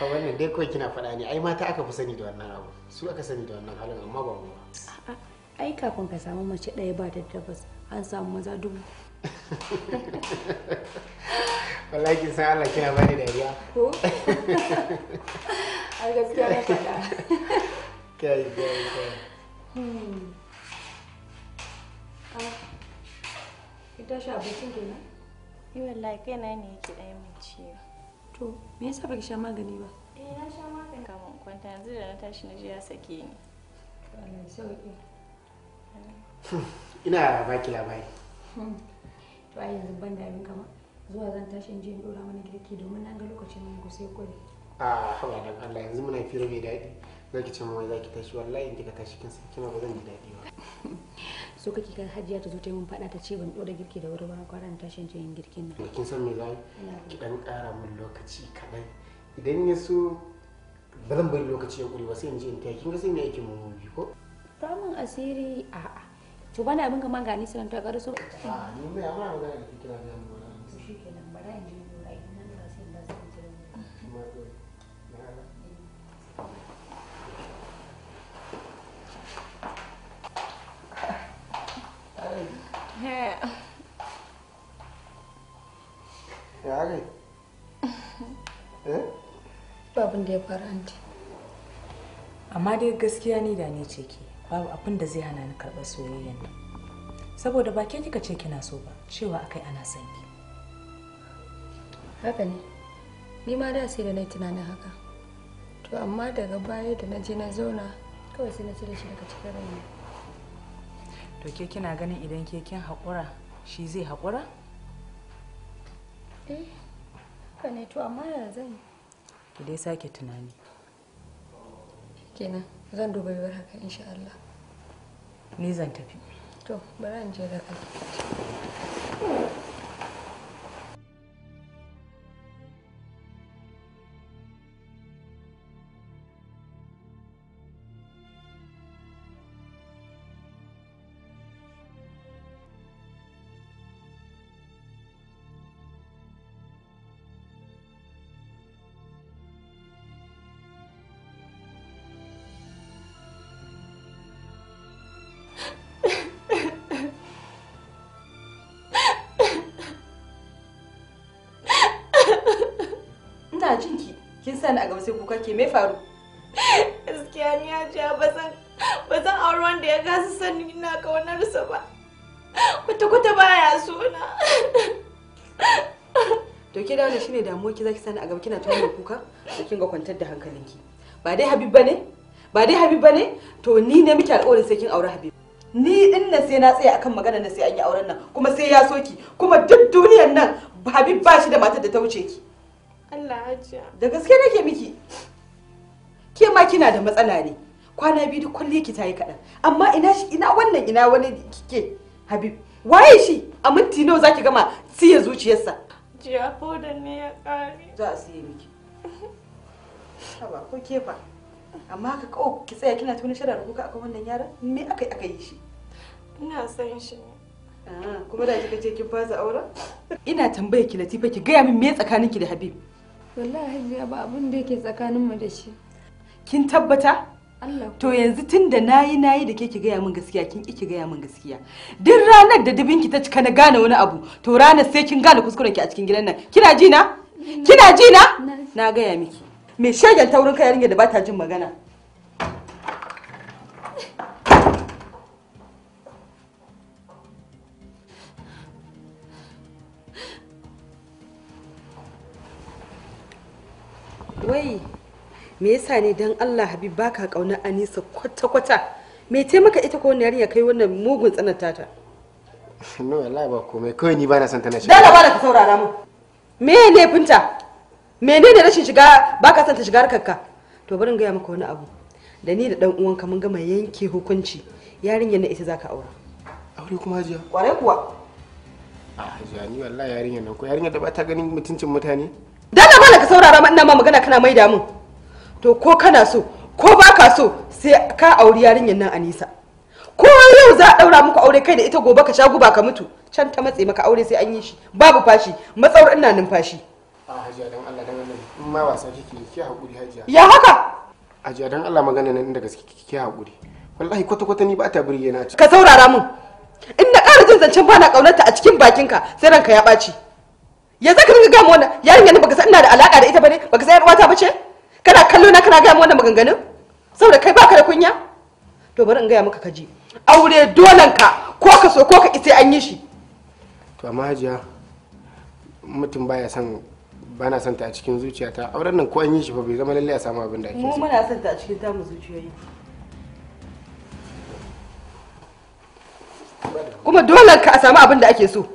fa wannan dai kawai kina faɗa ne ai mata aka fi sani da wannan abu su aka sani da wannan halin amma ba mu ba ai kafin ka samu mace ɗaya ba da tabbas an samu maza dubu wallahi kin san Allah kina bani dariya ko a gaskiya na faɗa kai kai kai hmm. ah, ita shi abincin kenan yi wallahi na ne yake ɗaya mai ciwo To, me yasa baki sha magani ba? Eh, na sha magani kamun kwanta yanzu da na tashi na je ya sake ni. Ina ya baki labari. Hmm. To ai yanzu ban da abin kama. Zuwa zan tashi je in dora mana girki domin na ga lokacin mu sai kure. Ah, haba dan Allah yanzu muna fira mai daɗi. za ki ce mai za ki tashi wallahi in kika tashi kin san kina ba zan ji daɗi ba so kake kan hajiya ta zo ta mun faɗa ta ce ban ɗora girki da wuri ba kwaran tashin je yin girkin nan kin san me za ki dan ƙara min lokaci kaɗai idan ya so ba zan bari lokaci ya ƙuri ba sai in je in taya kin ga sai ne yake mun biyu ko ta mun asiri a'a to bana abin kaman ga ni sai ta ƙaraso a ni mai amma ga ni kira da abin da ya faru anti amma dai gaskiya ni da ne ce ki babu abin da zai hana ni karɓar soyayyen nan saboda ba ke kika ce kina so ba cewa akai ana son ki haka ne ni ma da sai da na tunanin haka to amma daga baya da na je na zauna kawai sai na cire shi daga cikin raina to ke kina ganin idan ke kin haƙura shi zai haƙura eh haka ne to amma ya zan yi ki dai sake tunani kenan zan duba yiwuwar haka insha Allah ni zan tafi to bari in je da kai ina jin ki kin sa ni a gaba sai kuka ke me faru gaskiya ni ya ji ba san ba san aure wanda ya ga su sani ina kaunar sa ba kuta kuta baya so na to ki dawo da shine damuwar ki zaki sani a gaba kina tuno kuka to kin ga kwantar da hankalinki ba dai habib bane ba dai habib bane to ni ne miki alƙawarin sai kin aure habib ni din na sai na tsaya akan magana na sai an yi auren nan kuma sai ya soki kuma duk duniyar nan habib ba shi da matar da ta wuce ki Allah hajiya. Da gaske nake miki. Ke ma kina da matsala ne. Kwana biyu duk kulle ki tayi kaɗan. Amma ina shi ina wannan ina wani kike Habib. Waye shi? A minti nawa zaki gama siya zuciyarsa? Jiya da ne ya ƙare. Za a siye miki. Haba ko ke fa. Amma ka kawo ki tsaya kina tuni shara rubuka akan wannan yaran? Me aka yi aka yi shi? Ina son shi ne. Ah, kuma da kika ce kin fasa auren? Ina tambaya ki Latifa ki gaya min me tsakaninki da Habib. wallahi ya ba abin da yake tsakanin mu da shi kin tabbata Allah to yanzu tunda nayi nayi da ke ki gaya min gaskiya kin ki gaya min gaskiya duk ranar da dubinki ta cika na gane wani abu to ranar sai kin gane kuskuren ki a cikin gidan nan kina ji na kina ji na na gaya miki me shegen taurin kai yarinya da bata jin magana wai me yasa ne dan Allah Habib baka kauna Anisa kwata-kwata me taimaka ita ko wannan ya kai wannan mugun tsananta ta no wallahi ba komai kawai ni ba na son tana shiga dala ba ka saurara mu me ne funta menene rashin shiga baka son ta shiga harkarka to barin gaya maka wani abu da ni da dan uwanka mun gama yanke hukunci yarinyar na ita zaka aura aure kuma hajiya kwarai kuwa a ah, hajiya ni wallahi yarinyar nan ko yarinyar da ba ta ganin mutuncin mutane Dana bana ka saurara ma ina ma magana kana da mun. To ko kana so ko baka so sai ka auri yarinyar nan Anisa. Ko yau za a daura muku aure kai da ita gobe ka sha guba ka mutu. Can ta matse maka aure sai an yi shi. Babu fashi, matsawar ina numfashi. A hajiya dan Allah dan Allah in ma wasa kike ki hakuri hajiya. Ya haka? Hajiya dan Allah magana nan inda gaske kike hakuri. Wallahi kwata kwata ni ba ta burge na. Ka saurara mun? In na ƙara jin zancen bana ƙaunarta a cikin bakinka sai ranka ya ɓaci. ya zaka ringa gama wannan yarin nan baka san ina da alaka da ita bane baka san yar uwata bace kana kallo na kana gama wannan maganganun saboda kai baka da kunya to bari in gaya maka kaji aure dolan ka ko ka so ko ka ki an yi shi to amma hajiya mutum baya son ba na son ta a cikin zuciyata auren nan ko an yi shi fa bai zama lallai a samu abin da ake so mu muna son ta a cikin tamu zuciyoyi kuma dole ka a samu abin da ake so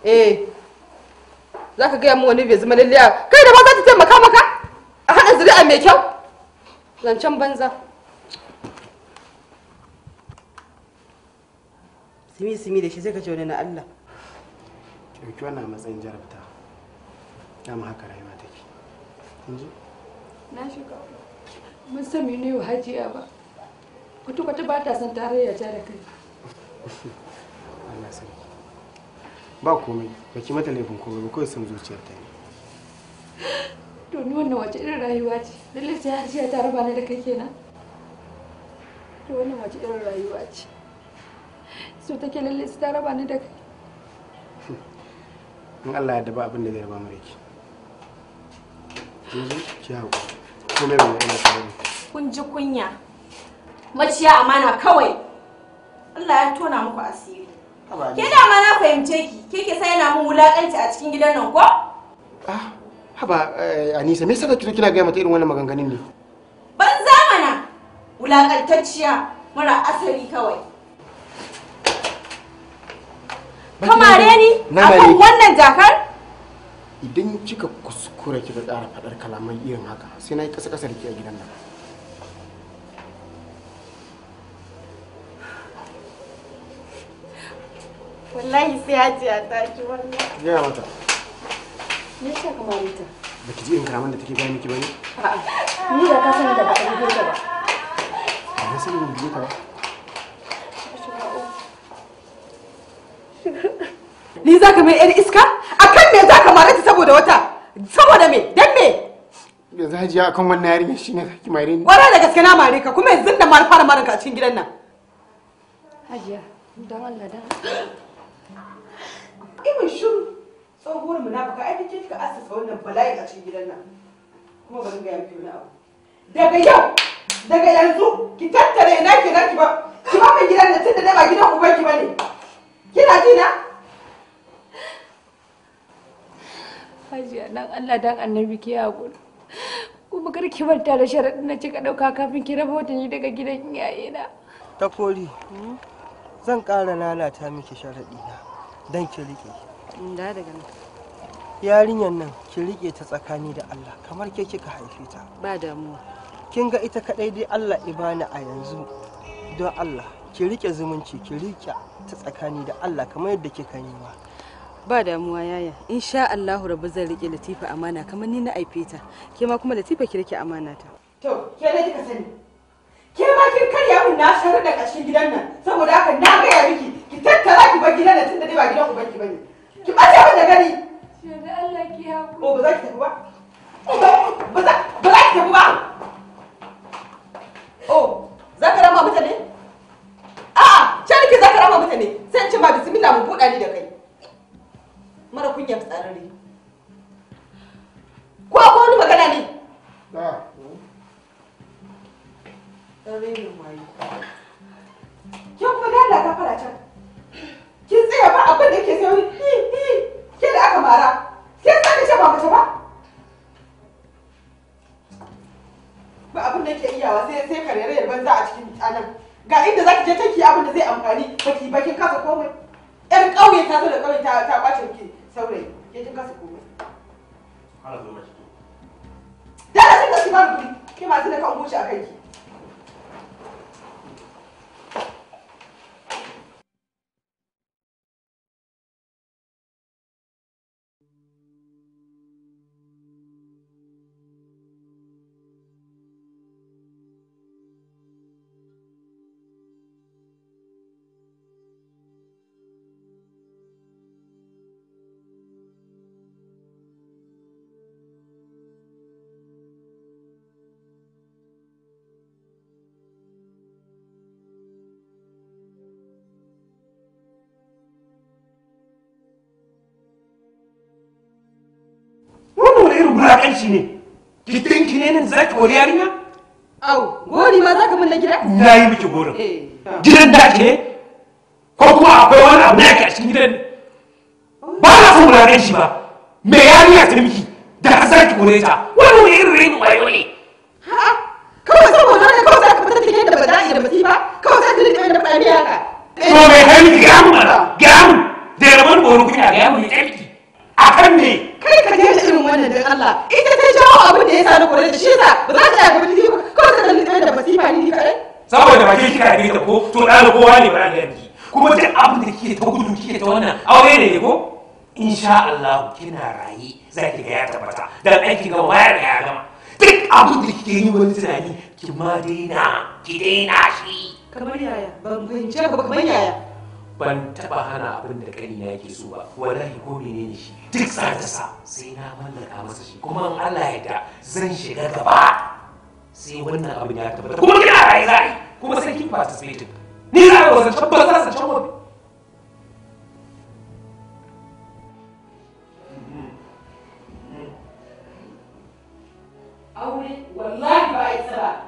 eh za ka gaya mu wani bai zama lalliya kai da ba za ta taimaka maka a haɗa zuri'a mai kyau zancen banza simi simi da shi sai ka ce wani na Allah ɗauki wannan matsayin jarabta mu haka rayuwa take in ji na shiga mun san mene yau hajiya ba kwata-kwata ba ta san tarayya ta da kai Allah sarki ba komai ba ki mata laifin komai ba kawai son zuciyar ta ne to ni wannan wace irin rayuwa ce lalle sai har sai ta raba ni da kai kenan to wannan wace irin rayuwa ce so take lalle sai ta raba ni da kai hmm. in Allah ya daba abin da zai raba mu da ki yanzu ki hawo komai ba ina tare kun ji kunya maciya amana kawai Allah ya tona muku asiri Ke da ma na fahimce ki, ke ke sai na mun wulakanci a cikin gidan nan ko? Ah, haba eh, Anisa, me yasa kike kina ga mata irin wannan maganganun ne? Ban zamana wulakantacciya mara asali kawai. Kamare ni akan wannan jakar? Idan kika kuskura kika ƙara faɗar kalaman irin haka sai na yi ƙasa-ƙasa da ke a gidan nan. wallahi sai hajiya ta ki wallahi gaya mata me ba ki ji karaman da take gaya miki a'a ni da ka sani da ba ka ba ba sani ba ni za ka mai yar iska kan me za ka mare ta saboda wata saboda me dan me yanzu hajiya kan wannan yarinya shine za ki mare ni da gaske na mare ka kuma yanzu da mar fara marin ka a cikin gidan nan hajiya don Allah don Imin shiru tsohuwar munafuka ai kin kika asasa wannan bala'i a cikin gidan nan. Kuma bari ga yanki wani abu. Daga yau daga yanzu ki tattare ina ki na ki ba ki ba min gidan nan tunda ba gidan ubanki bane. Kina ji na? Hajiya dan Allah dan annabi ki haƙuri. Kuma kar ki manta da sharaɗin na cika ɗauka kafin ki raba watanni daga gidan iyayena. Ta kori, zan ƙara lalata miki sharaɗina. don ki riƙe mm, da daga nan yarinyar nan ki riƙe ta tsakani da Allah kamar ke kika haife ta ba damuwa kin ga ita kadai dai Allah ibana a yanzu don Allah ki riƙe zumunci ki riƙe ta tsakani da Allah kamar yadda kika nema ba damuwa yaya insha Allahu rabu zai rike Latifa amana kamar ni na haife ta ke ma kuma Latifa ki rike amana ta to ke ne kika sani ke ma kin karya mun na sharar da cikin gidan nan saboda haka na gaya miki ki tattara ki bar gidan nan tunda dai ba gidan ubanki bane ki bace mun gani da Allah ki haƙuri oh, ba za ki tafi ba ba za ba za ki tafi ba oh za ka rama mutane a'a ah, can ki za ka rama mutane sai ce ma bismillah mu buɗa ni da kai mara kunya ko ko wani magana ne Kin rainin wayo. Ke kuma da Allah ka fara can. Kin tsaya ba abin da ke sauri. Hi hi. Ke da aka mara. Ke sa ka ce ba mace ba. Ba abin da ke iyawa sai sai karerayar banza a cikin tsanan. Ga inda zaki ki je take abin da zai amfani baki bakin kasa komai. Yar kauye ta zo da ƙauye ta ta ɓace ki saurayi. Ke kin kasa komai. Hala zo mace. Dala sai ka ci ba ki ma sai da kan huce a kanki. wulaƙanci ne gidan ki ne za ki yarinya au gori ma za ka mun na gida na yi miki gorin eh. gidan da ake ko kuma akwai wani abu yake a cikin gidan ba na son wulaƙan shi ba me yarinya ta miki da za ki kore ta wani wani irin rainin wayo ne kawai saboda haka kawai za ka fitar da gidan da ba za a yi da masifa kawai za ka fitar da da ba a yi haka to mai kai miki eh. da borin kunya tsaye a kan me kai ka je irin wannan dan Allah ita ta jawo abin da ya sa na kore da shi yasa ba za ta yaga bilili ba kawai ta kalli da masifa ni kai saboda ba ke kika ne ta ko to ɗan kowa ne ba ga miki kuma duk abin da kike ta gudu kike ta wannan aure ne ko insha Allah kina raye zaki ga ya tabbata dan aiki ga waya da ya gama duk abin da kike yi wani tunani ki ma daina ki daina shi kamar yaya ban fahimce ka kamar yaya ban taba hana abin da kani na yake so ba wallahi ko ne shi duk sa sai na mallaka masa shi kuma in Allah ya da zan shiga gaba sai wannan abin ya tabbata kuma kina rai zai kuma sai kin participating ni za ka zan tabbata za san cewa aure wallahi ba a tsara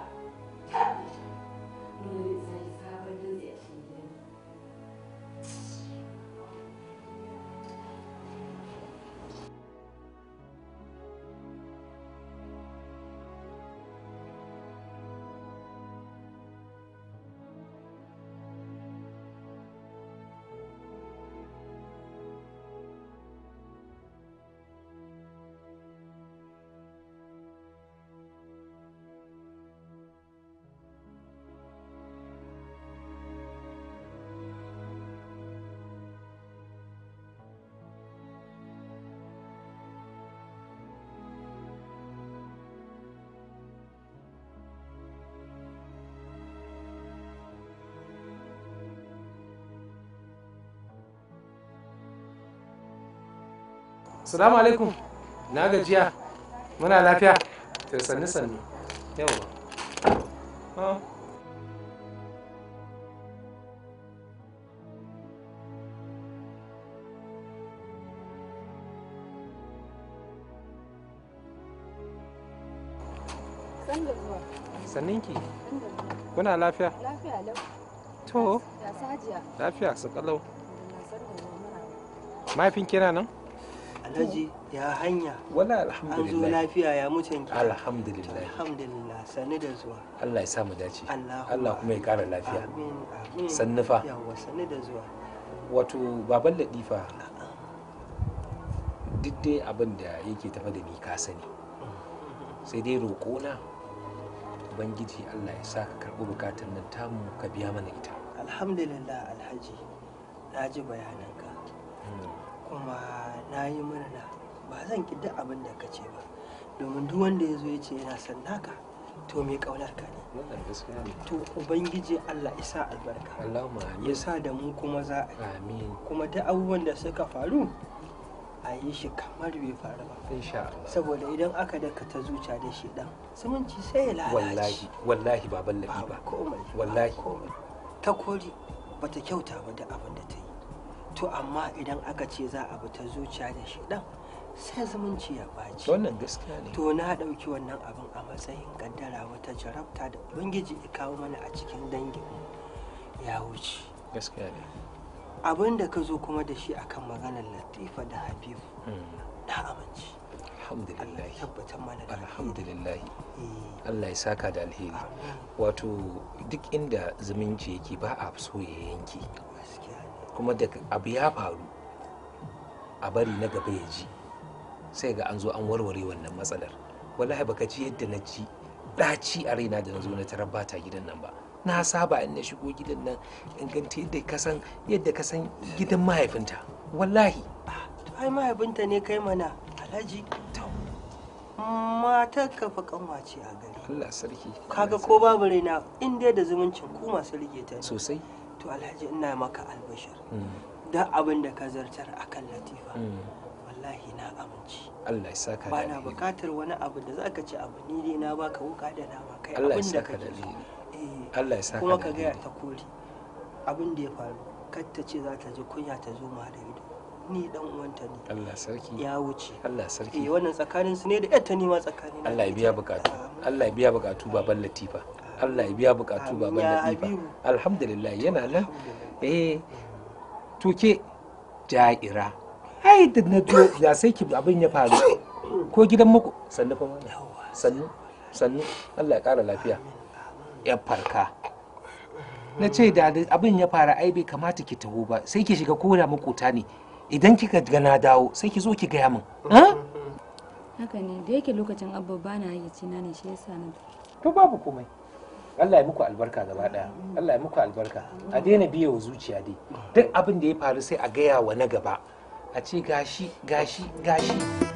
salamu alaikum na gajiya muna lafiya to sannu sannu ba. sanninki kuna lafiya lafiya lau to lafiya su kalau mahaifin kira nan alhaji ya hanya wala alhamdulillah an zo lafiya ya mutum ki alhamdulillah alhamdulillah sani da zuwa Allah ya sa mu dace Allah kuma ya kara lafiya amin amin sannufa yawa sani da zuwa wato baban ladifa duk dai abin da yake tafa da ni ka sani sai dai roƙo na ubangiji Allah ya sa ka karɓi bukatar nan tamu ka biya mana ita alhamdulillah alhaji na ji bayananka hmm. kuma na yi murna ba zan ki duk abin da ka ce ba domin duk wanda ya zo ya ce yana san naka to me kaunar ka ne to ubangiji Allah ya sa albarka ya sa da mu kuma za a yi kuma duk abubuwan da suka faru a yi shi kamar bai faru ba saboda idan aka daka ta zuciya da shi dan zumunci sai ya lalace wallahi wallahi baban labi ba wallahi ta kori bata kyauta ba da abin da ta to amma idan aka ce za a bi ta zuciya da shi dan sai zumunci ya baci wannan gaskiya ne to na dauki wannan abin a matsayin kaddara wata jarabta da ubangiji ya kawo mana a cikin dangin ya wuce gaskiya ne abin da ka zo kuma da shi akan maganar latifa da habibu hmm. na amince alhamdulillah Allah ya eh. saka da alheri wato duk inda zumunci yake ba a so ya yanke gaskiya kuma da abu ya faru a bari na gaba ya ji sai ga an zo an warware wannan matsalar wallahi baka ji yadda na ji ɗaci a raina da na zo na tarar bata gidan nan ba na saba in na shigo gidan nan in ganta yadda ka san yadda ka san gidan mahaifinta wallahi ah, to ai mahaifinta ne kai mana alhaji to matar ka fa kanwace a gari Allah sarki kaga ko babu raina in dai da zumuncin ku masu rige ta sosai to alhaji ina maka albashir hmm. da abin da ka zartar akan latifa hmm. wallahi na amince. Allah ya saka ba bukatar wani abu da zaka ci abu ni dai na baka wuka da nama kai abin da ka eh Allah ya saka kuma ka ga ta kori abin da ya faru kar ta ce za ta ji kunya ta zo ma da ido ni dan uwanta ne Allah sarki ya wuce Allah sarki eh wannan tsakanin su ne da yatta ne ma tsakanin Allah ya biya bukatu Allah ya biya bukatu baban Latifa Allah ya biya bukatu baban ba alhamdulillah yana nan eh tuke ja'ira ai da na ya sai ki abin ya faru ko gidan muku sannu fa sannu sannu Allah ya kara lafiya ya farka na ce da abin ya fara ai bai kamata ki taho ba sai ki shiga koda makota ne idan kika ga na dawo sai ki zo ki gaya min mm, mm, ah? mm. haka ne da yake lokacin abba ba na yi cina ne shi yasa na to babu komai Allah ya muku albarka gaba daya Allah ya muku albarka a daina biye wa zuciya dai duk abin da ya faru sai a gaya wa na gaba a ce gashi gashi gashi